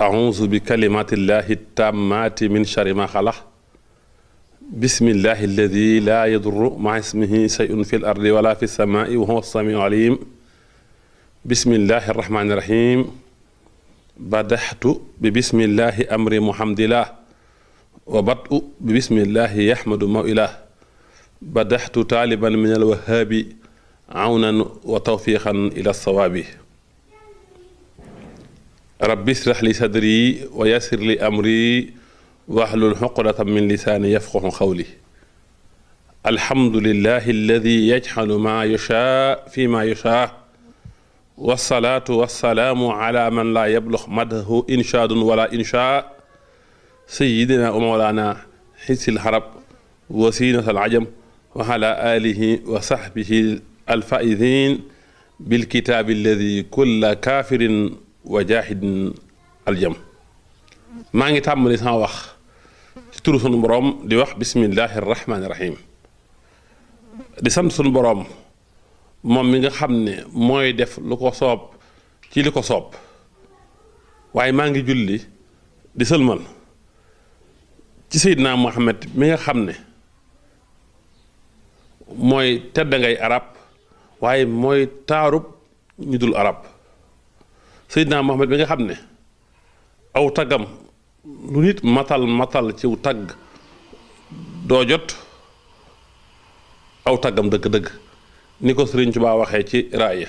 أعوذ بكلمات الله التامات من شر ما خلق بسم الله الذي لا يضر مع اسمه شيء في الأرض ولا في السماء وهو السميع العليم بسم الله الرحمن الرحيم بدحت ببسم الله أمر محمد الله وبدء ببسم الله يحمد مولاه بدحت طالبا من الوهاب عونا وتوفيقا إلى الصواب رب اشرح لي صدري ويسر لي أمري واحلل حقرة من لساني يفقه قولي الحمد لله الذي يجعل ما يشاء فيما يشاء والصلاة والسلام على من لا يبلغ مده إنشاد ولا إنشاء سيدنا ومولانا حس الحرب وسينة العجم وعلى آله وصحبه الفائزين بالكتاب الذي كل كافر wa jaahidin aljam maa ngi tàmbali sama wax ci turu sunu boroom di wax bismillahi rahmaani rahim di sant sunu boroom moom mi nga xam ne mooy def lu ko soob ci li ko soob waaye maa ngi julli di sëlmal ci Seydina Muhammad mi nga xam ne mooy tedd ngay arab waaye mooy taarub ñu dul arab Seydina Mohamed bi nga xam ne aw taggam lu nit matal matal ciw tagg doo jot aw taggam dëgg-dëgg ni ko Sëriñ Tuubaa waxee ci raaya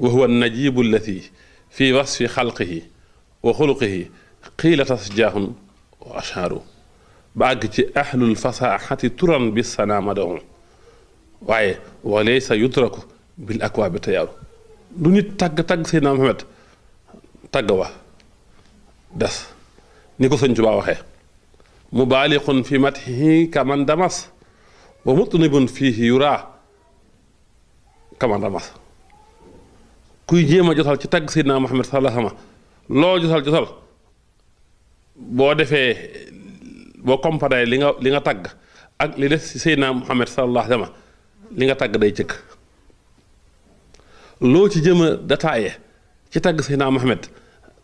wa huwa najibu allati fi wasfi xalqihi wa xuluqihi qiila tasjaahun wa ashaaru ba àgg ci ahlul fasaaxati turan bi sanaamadahu waaye wa laysa yutraku bil akwaabi tayaaru lu nit tagg tagg Seydina Mohamed tagg wa des ni ko sëñ Tuubaa waxee mu baaliqun fi matihi kaman damas wa mutanibun fiihi yura kaman damas kuy jéem a jotal ci tàgg Seydina Muhammad sallallahu alayhi loo jotal jotal boo defee boo comparé li nga li nga tagg ak li des ci Seydina Muhammad sallallahu alayhi li nga tagg day jëkk loo ci jëm a détaillé ci tàgg Seydina Muhammad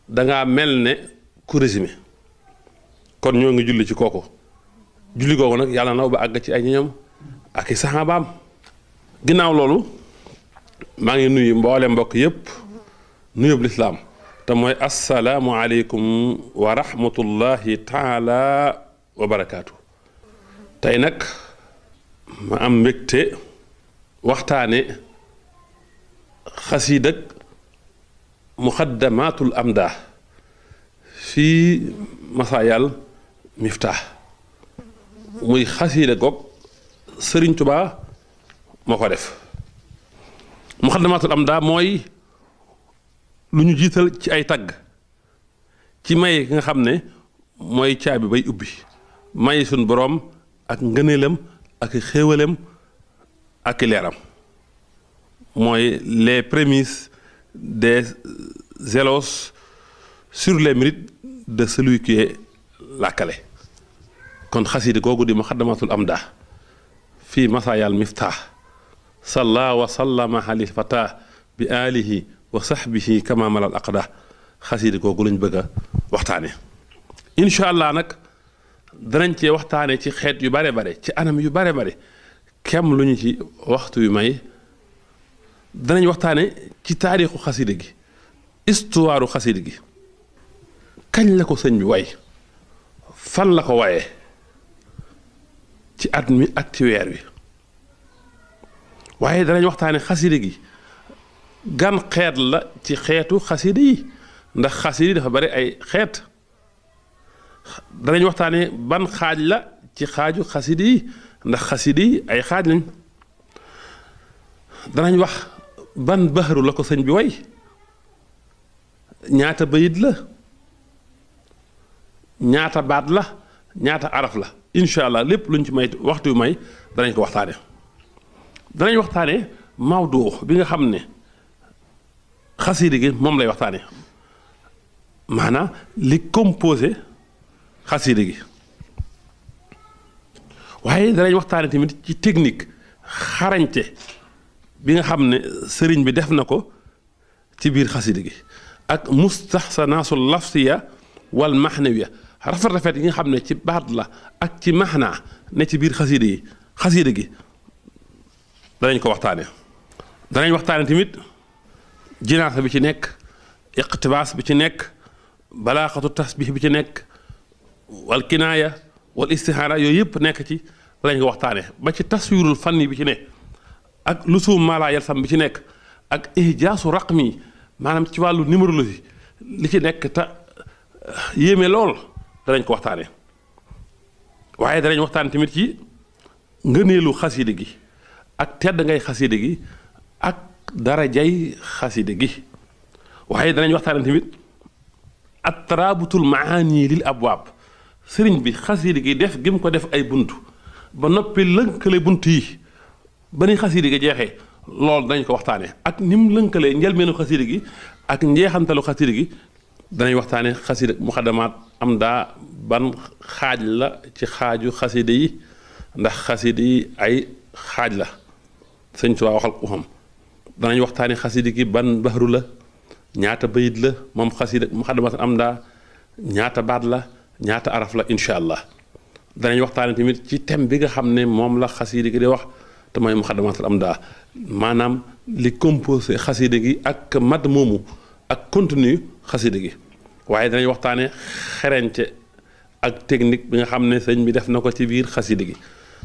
dangaa mel ne ku résumé kon ñoo ngi julli ci kooku julli googu nag yàlla naw ba àgg ci ay ñoñam ak i saxaabaam ginnaaw loolu maa ngi nuyu mboole mbokk yëpp nuyub lislaam te mooy assalaamu aleykum wa rahmatullahi taala wa tey nag ma am mbégte waxtaane xasiid مخدمات الأمداح في مسائل مفتاح موي خسيلة غوك سرين توبا مكو ديف مقدمات الأمدا موي لو نيو جيتال تي اي تاغ تي ماي كيغا موي تيابي باي اوبي ماي سون بروم اك غنيلم اك خيوالم اك ليرام موي لي بريميس des zélos sur les mérites de celui qui est lakkale kon xasida googu di muxaddamatul amda fi masayal miftah salla wa sallama halil fata bi alihi wa sahbihi kama malal aqda xasida googu lañ bëgg a waxtaane incha allah nag danañ ci xeet yu bare bare ci anam yu bare bare kem lu ci waxtu yu may danañ waxtaane ci taarixu xasida gi istuwaaru xasida gi kañ la ko sëñ bi way fan la ko waye ci at mi ak wi waaye danañ waxtaane xasida gi gan xeet la ci xeetu xasida yi ndax xasida yi dafa bari ay xeet danañ waxtaane ban xaaj la ci xaaju xasida yi ndax xasida yi ay xaaj lañ danañ wax ban baxaru la ko sëñ bi woy ñaata bayit la ñaata baat la ñaata araf la incha allah lépp luñ ci may waxtu yu may danañ ko waxtaane danañ waxtaane mawdu bi nga xam ne xasiida gi moom lay waxtaane maanaam li composé xasiida gi waaye danañ waxtaane tamit ci technique xarañte bi nga xam ne sëriñ bi def na ko ci biir xasida gi ak mustaxsanaasu lafsiya wal maxnawiya rafet rafet yi nga xam ne ci baat la ak ci maxnaa ne ci biir xasida yi xasida gi danañ ko waxtaane danañ waxtaane tamit jinaasa bi ci nekk iqtibaas bi ci nekk balaaxatu tasbix bi ci nekk wal kinaaya wal istixaara yooyu yëpp nekk ci lañ ko waxtaane ba ci taswirul fanni bi ci ne ak lusuum maalaa yal sam bi ci nekk ak raq raqmi maanaam ci wàllu numérologie li ci nekk te eh, yéeme lool danañ ko waxtaane waaye danañ waxtaan tamit ci ngëneelu xaside gi ak tedd ngay xaside gi ak darajay xaside gi waaye danañ waxtaane tamit at taraabutul maani lil abwaab sëriñ bi xaside gi def gi mu ko def ay bunt ba noppi lënkale bunt yi ba ni xasida gi jeexee loolu dañ ko waxtaanee ak ni mu lënkalee njëlbeenu xasida gi ak njeexantalu xasida gi danañ waxtaanee xasida muxadamaat am daa ban xaaj la ci xaaju xasida yi ndax xasida yi ay xaaj la sëñ Tuubaa waxal ko danañ waxtaanee xasida gi ban baxru la ñaata bayit la moom xasida muxadamaat am daa ñaata baat la ñaata araf la incha allah danañ waxtaanee tamit ci thème bi nga xam ne moom la xasida gi di wax. تماي مخدمات الأمدا ما نام لكمبوس خسيدي أك مد مومو أك كونتني خسيدي وعيد أي وقت أنا خرنت أك تكنيك بين خمسة سنين بدفع نقطة كبير خسيدي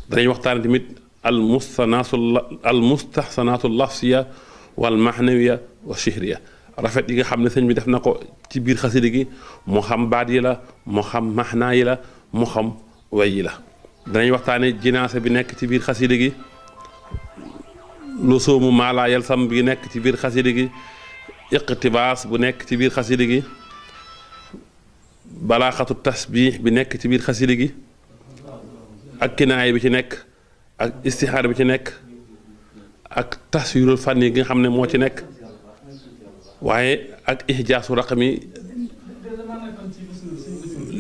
دري وقت أنا تميت المستناس المستحسنات اللفظية والمعنوية والشهرية رفعت ديك خمسة سنين بدفع نقطة كبير خسيدي مخم بعديلا مخم محنايلا مخم ويلا دري وقت أنا جناسة بنك كبير خسيدي lu soomu maalaa yel sam bi nekk ci biir xasida gi iqtibaas bu nekk ci biir xasida gi balaaxatu tasbih bi nekk ci biir xasida gi ak kinaay bi ci nekk ak istixaar bi ci nekk ak taswirul fànn yi nga xam ne moo ci nekk waaye ak ixjaasu raqam yi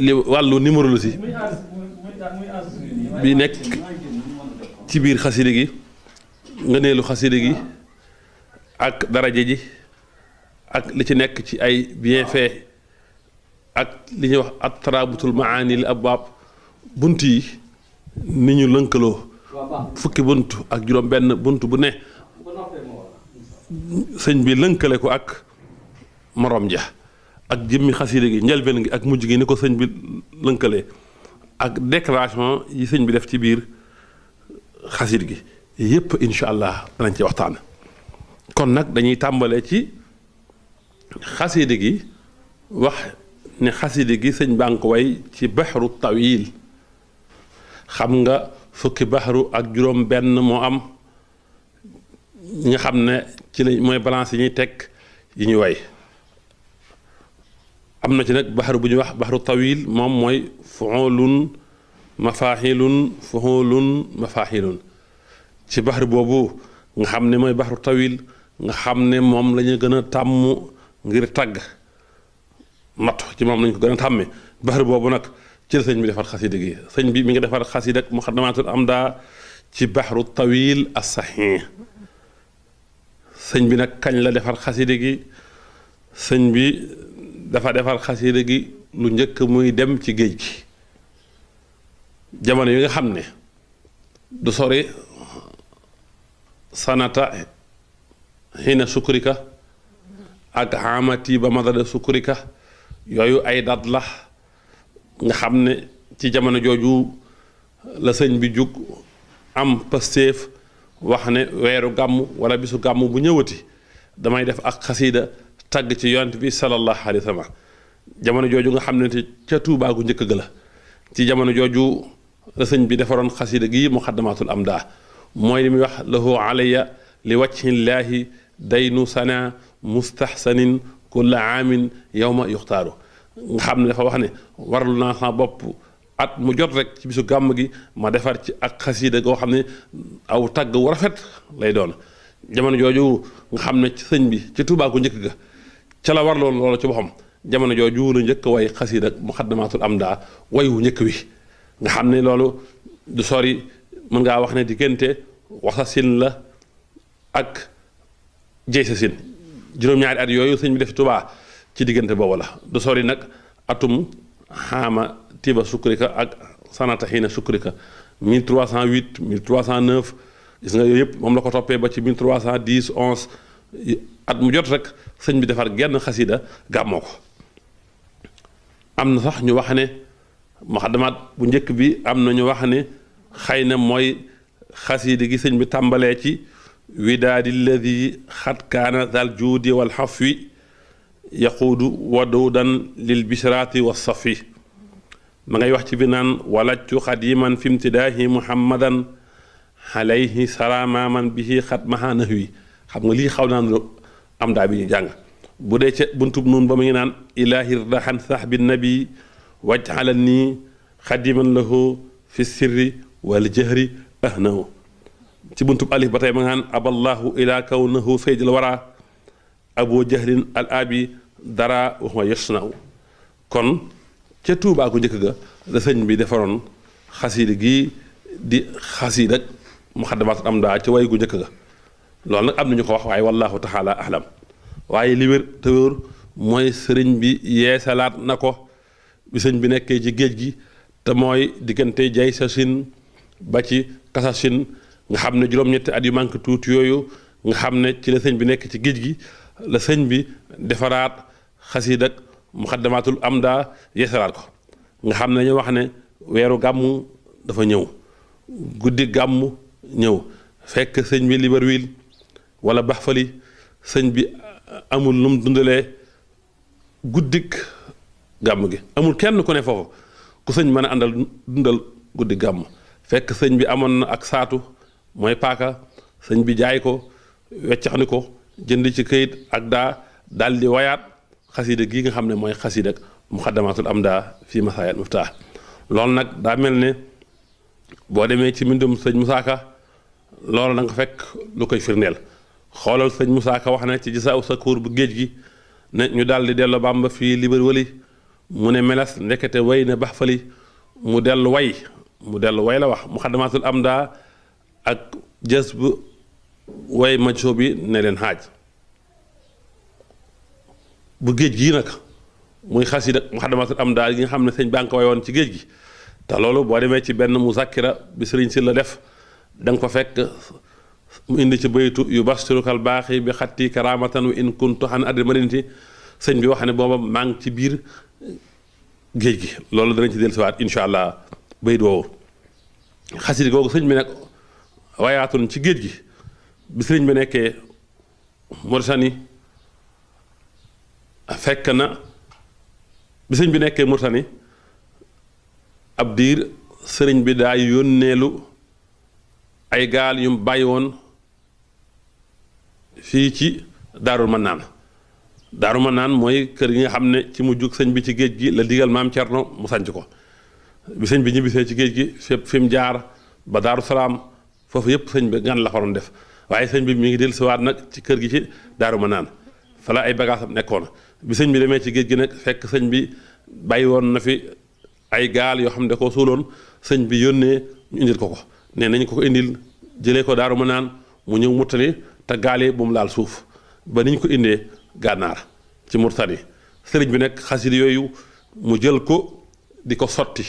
li wàllu numéro si bi nekk ci biir xasida gi ngëneelu xasida gi ak daraje ji ak li ci nekk ci ay bienfait ak li ñuy wax at taraabutul maani li ab baab bunt yi ni ñu lënkaloo fukki bunt ak juróom benn bunt bu ne sëñ bi lënkale ko ak moroom ja ak jëmmi xasida gi njëlbeen gi ak mujj gi ni ko sëñ bi lënkale ak déclaration yi sëñ bi def ci biir xasiit gi yëpp incha allah danañ ci waxtaan kon nag dañuy tàmbale ci xaside gi wax ne xaside gi sëñ bànk way ci baxru tawil xam nga fukki baxru ak juróom benn moo am ñi nga xam ne ci lañ mooy balance yi ñuy teg yi ñuy way am na ci nag baxru bu ñuy wax baxru tawil moom mooy fuulun mafaxilun fuulun mafaxilun ci baxar boobu nga xam ne mooy baxaru tawil nga xam ne moom la ñu gën a tàmm ngir tàgg nattu ci moom lañu ko gën a tàmmee baxar boobu nag ci sëñ bi defar xasida gi sëñ bi mi ngi defar xasida ak muxaddamaatul amda ci baxaru tawil as sahih bi nag kañ la defar xasida gi sëñ bi dafa defar xasida gi lu njëkk muy dem ci géej gi jamono yi nga xam ne du sori sanata xina sukkurika ak amati ba madada sukkurika yooyu ay daat la nga xam ne ci jamono jooju la sëñ bi jug am pasteef wax ne weeru gàmm wala bisu gàmm bu ñëwati damay def ak xasiida tagg ci yonent bi sallallahu alayhi wa sallam jamono jooju nga xam ne ca Tuubaa gu njëkk ga la ci jamono jooju la sëñ bi defaroon xasiida gi muxaddamaatul am daa mooy li muy wax lahu alayya li wajhillaahi daynu sana mustahsanin kulla aamin yowma yuxtaaru nga xam ne dafa wax ne warlu naa sama bopp at mu jot rek ci bisu gàmm gi ma defar ci ak xasiida goo xam ne aw tagg wu rafet lay doon jamono jooju nga xam ne ci sëñ bi ci Tuubaa ku njëkk ga ca la warloon loolu ci boppam jamono jooju la njëkk way xasiida muxaddamaatul amdaa way wu wi nga xam ne du sori mën ngaa wax ne diggante wasasin la ak jeysasin juróom-ñaari at yooyu sëñ bi def tubaa ci diggante boobu la du sori nag atum xaama tiba sukkurika ak sanata xiina sukkurika 1308 1309 gis nga yooyu yëpp moom la ko toppee ba ci 1310 11 at mu jot rek sëñ bi defar genn xasida gàmmoo ko am na sax ñu wax ne muxadamaat bu njëkk bi am na ñu wax ne xëy na mooy xasiida gi sëñ bi tàmbalee ci widaadi ladi xat kaana dal juudi wal xafwi yaquudu waduudan lil bishraati wa safi ma ngay wax ci bi naan walajtu xadiman fi imtidaahi muhammadan alayhi salaama man bihi xat maha nahwi xam nga lii xaw naan am daa bi ñu jàng bu dee ca buntub noonu ba mu ngi naan ilaahi rdaxan sax bi nabi wajxalan nii xadiman lahu fi sirri waljahri ahnahu ci buntub alif ba tey ma nga naan aballahu ila kawnahu feejal wara abu jahlin al abi dara waxuma yasnaw kon ca tuubaa ku njëkk ga la sëñ bi defaroon xasiida gii di xasiida ak muxaddamaat am daa ca way gu njëkk ga loolu nag am nañu ko wax waaye wallahu taala ahlam waaye li wér te wér mooy sëriñ bi yeesalaat na ko bi sëñ bi nekkee ci géej gi te mooy diggante jay sa sin ba ci Kasashin nga xam ne juróom-ñetti at yu manqué tuuti yooyu nga xam ne ci la sëñ bi nekk ci géej gi la sëñ bi defaraat xasiid ak muxaddamaatul amda yeesalaat ko nga xam ne dañoo wax ne weeru gàmmu dafa ñëw guddi gàmmu ñëw fekk sëñ bi Libreville wala Baxfali sëñ bi amul lu mu dundalee guddik gàmm gi amul kenn ku ne foofu ku sëñ mën a àndal dundal guddi gàmm fekk sëñ bi amon na ak saatu mooy paaka sëñ bi jaay ko weccaxni ko jënd ci këyit ak daa daal di wayaat xasida gii nga xam ne mooy xasida muxaddamatul am daa fii masaayat muftah loolu nag daa mel ne boo demee ci mbindum sëñ Musaa Ka loolu da nga fekk lu koy firndeel xoolal sëñ Musaa Ka wax ci gisaaw sa kuur bu géej gi ne ñu daal di dellu Bàmba fii libar wëli mu ne melas ndekete way na mu dellu way موديل واي لا مخدمات الامدا اك جسب واي ماتشو نلين حاج بو گيج جي نك مخدمات الامدا جي خا من بانك وايون سي گيج جي تا لولو بو ديمي سي بن مذكره بي سيرين سي لا ديف دنگ كو فك كرامه وان كنت عن ادري مرينتي سيني بي واخني بوبا مانك بير گيج جي لولو دنا سي ديل bayit woowu xasida googu sëñ bi nag wayaatun ci géej gi bi sëriñ bi nekkee Mauritanie fekk na bi bi nekkee Mauritanie ab diir sëriñ bi daay yónneelu ay gaal yum bàyyi woon fii ci Daarul Mannaan Daarul Mannaan mooy kër gi nga xam ne ci mu jug sëñ bi ci géej gi la digal maam Cerno mu sanc ko bi sëñ bi ñibbisee ci géej gi fépp fi mu jaar ba daaru salaam foofu yëpp sëñ bi ngan la faroon def waaye sëñ bi mi ngi dellu siwaat nag ci kër gi ci daaru ma naan ay bagages nekkoon bi bi demee ci géej gi nag fekk sëñ bi bàyyi woon na fi ay gaal yoo xam ne da koo suuloon sëñ bi yónnee ñu indil ko ko nee nañ ko ko indil jëlee ko daaru ma naan mu ñëw muttali te gaale bu mu laal suuf ba niñ ko indee gànnaar ci murtani sëriñ bi nag xasil yooyu mu jël ko di ko sotti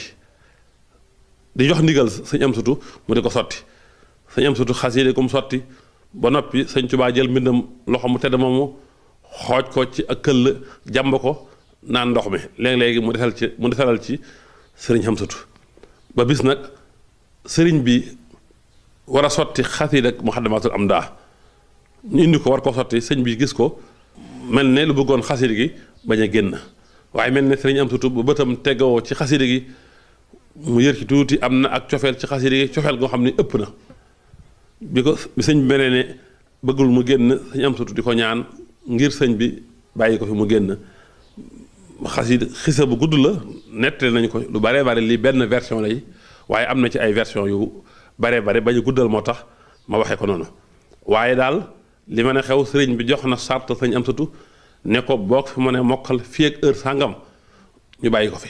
di jox ndigal sëñ am sutu mu di ko sotti sëñ am sutu xas yi sotti ba noppi sëñ Tuubaa jël mbindam loxo mu tedd moomu xooj ko ci ak këll jàmb ko naan ndox mi léegi-léegi mu defal ci mu defalal ci sëriñ am sutu ba bis nag sëriñ bi war a sotti xas yi rek Muxaddamaatul Amdah ñu indi ko war ko sotti sëñ bi gis ko mel ne lu bëggoon xasida gi bañ a génn waaye mel ne sëriñ am sutu ba bëtam teggawoo ci xasida gi mu yër ci tuuti am na ak cofeel ci xasida yi cofeel goo xam ne ëpp na bi ko sëñ bi ne bëggul mu génn sañ am sutu di ko ñaan ngir sëñ bi bàyyi ko fi mu génn xasida xisa bu gudd la nettali nañu ko lu bare bare lii benn version lay waaye am na ci ay version yu bare bare ba ñu guddal moo tax ma waxe ko noonu waaye daal li ma ne xew sëriñ bi jox na sart sëñ am sutu ne ko boog fi ma ne mokkal fii ak heure sàngam ñu bàyyi ko fi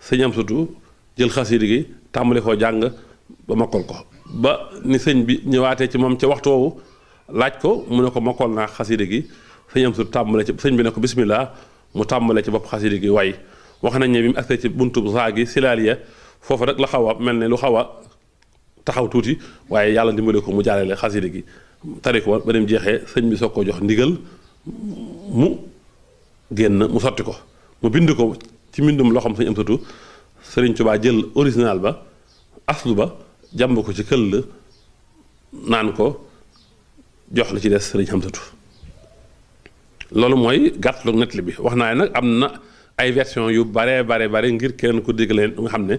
sëñ am sutu jël xasida gi tàmbali koo jàng ba mokkal ko ba ni sëñ bi ñëwaatee ci moom ci waxtu woowu laaj ko mu ne ko mokkal naa xasida gi sëñ am su tàmbale ci sëñ bi ne ko bismillah mu tàmbale ci bopp xasida gi way wax nañ ne bi mu agsee ci buntu saa gi silaaliya foofu rek la xaw a mel ne lu xaw a taxaw tuuti waaye yàlla dimbale ko mu jaalale xasida gi tari ko ba dem jeexee sëñ bi soog koo jox ndigal mu génn mu sotti ko mu bind ko ci mbindum loxam sëñ am satu Sëriñ Tuubaa jël original ba aslu ba jàmb ko ci këll la naan ko jox la ci des Sëriñ Xamsatu loolu mooy gàttalu nettali bi wax naa ne nag am na ay version yu bare bare bare ngir kenn ku dégg leen nga xam ne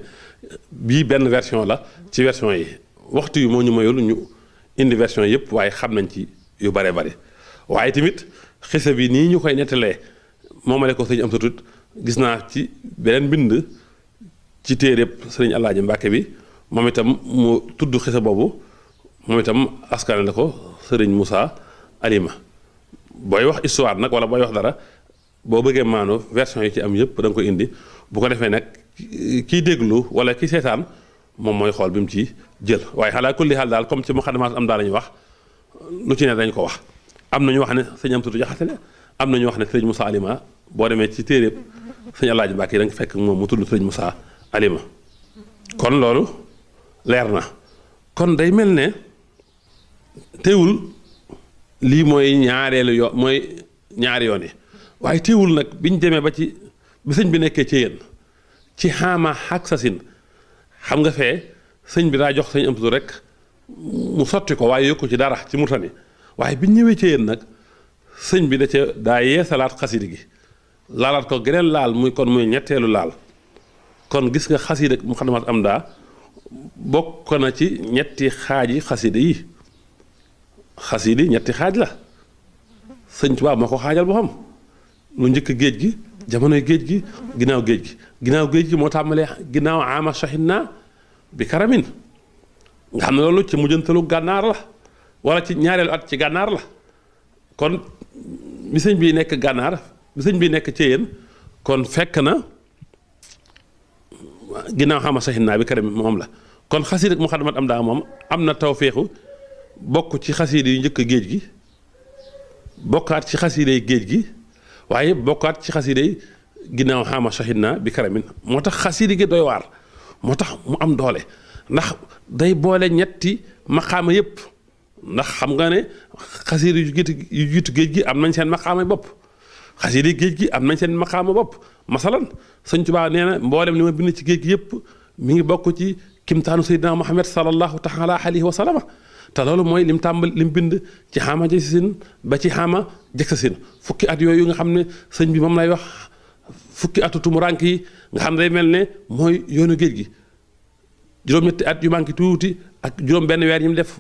bii benn version la ci version yi waxtu yi moo ñu mayul ñu indi version yëpp waaye xam nañ ci yu bare bare waaye tamit xisa bi nii ñu koy nettalee moomale ko Sëriñ Xamsatu gis naa ci beneen mbind ci téereb sëriñ Alaaji Mbàkke bi moom itam mu tudd xisa boobu moom itam askane la ko sëriñ Moussa Alima booy wax histoire nag wala booy wax dara boo bëggee maano version yi ci am yëpp da nga indi bu ko defee nag kiy déglu wala ki seetaan moom mooy xool bi mu ci jël waaye xalaa kulli daal comme ci muxadamaat am daal wax lu ci dañ ko wax am na wax ne sëñ am am na ñu wax ne sëriñ Moussa Alima boo demee ci téereb sëñ Alaaji yi da fekk moom mu tudd sëriñ Moussa alima kon loolu leer na kon day mel ne teewul lii mooy ñaareelu yoon mooy ñaari yoon yi waaye téwul nag biñ demee ba ci bi sëñ bi nekkee ci ci xaama xak sasin xam nga fee sëñ bi daa jox sëñ am rek mu sotti ko waaye yokku ci dara ci murtani waaye biñ ñëwee ci nag sëñ bi da ca daa yee salaat xasidi gi laalaat ko geneen laal muy kon muy ñetteelu laal kon gis nga xasida Muxaddamatul amda, bokk na ci ñetti xaji xasida yi xasida ñetti xaj la señ tuba mako xajal bu xam lu ñëk geej gi jamono geej gi ginaaw geej gi ginaaw geej gi mo tamale ginaaw aama shahinna bi karamin nga xam ne ci mujeentelu ganar la wala ci ñaarel at ci ganar la kon misin señ bi nek ganar, misin señ bi nek ci yeen kon fekk na ginnaaw xama saxin naa bi karim moom la kon xasiid ak Muxaddamatul Amdah moom am na tawféexu bokk ci xasiid yu njëkk géej gi bokkaat ci xasiiday géej gi waaye bokkaat ci xasiiday ginnaaw xama saxin naa bi karamin moo tax xasiid gi doy waar moo tax mu am doole ndax day boole ñetti maqaama yépp ndax xam nga ne xasiid yu jiitu géej gi am nañ seen maqaama bopp xasiiday géej gi am nañ seen maqaama bopp masalan sëñ Tuubaa nee na mboolem li ma bind ci géej gi yëpp mi ngi bokk ci kim taanu Seydina Muhammad sallallahu taala alayhi wa sallam te loolu mooy lim tàmbal lim bind ci xaama jëg sin ba ci xaama jëg fukki at yooyu nga xam ne sëñ bi moom lay wax fukki atu tumurank yi nga xam ne day mel ne mooy yoonu géej gi juróom-ñetti at yu manqué tuuti ak juróom benn weer yi mu def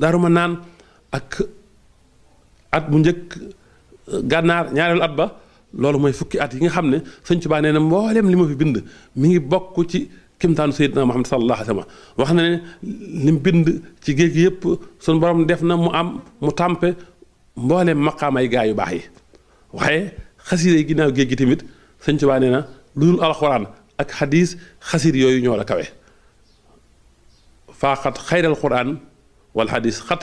daruma naan ak at mu njëkk gànnaar ñaareelu at ba loolu moy fukki at yi nga xamne sëñ ci nee na mbollem limu fi bind mi ngi bokku ci kimtaanu Seydina Muhammad sallallahu alaihi wasallam sallam wax na ne lim bind ci geeg gi yëpp suñu borom def na mu am mu tàmpe mbooleem maqaamay gaay yu bax yi waxe khasire ginaaw geeg gi tamit sëñ ci nee na lul alquran ak hadith khasir yoyu ñoo la kawe khat khayr alquran wal hadith xat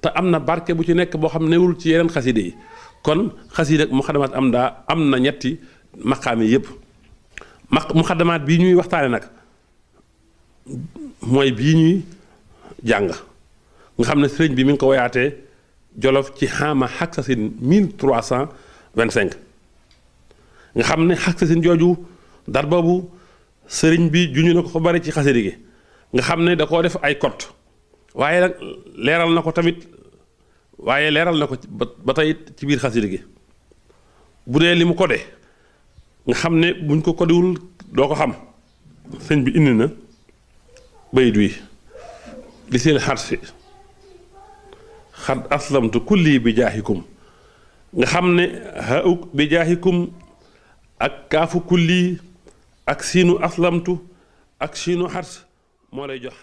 ta amna barke bu ci nek bo xamne wul ci yeneen xasiida yi kon xasida ak muxadamaat am daa am na ñetti maqaam yi yëpp maq muxadamaat bii ñuy waxtaane nag mooy bii ñuy jàng nga xam ne sëriñ bi mi ngi ko woyaatee jolof ci xaama vingt cinq nga xam ne xaksasin jooju dar boobu sëriñ bi juñu na ko fa bari ci xasida gi nga xam ne da koo def ay kot waaye leeral na ko tamit waaye leeral na ko ba tey ci biir xasida gi bu dee li mu codé nga xam ne buñ ko codéwul doo ko xam sëñ bi indi na bayit wi li seen xarsi xad aslamtu kulli bi jaaxikum nga xam ne hauk bi jaaxikum ak kaafu kulli ak siinu aslamtu ak siinu xars moo lay jox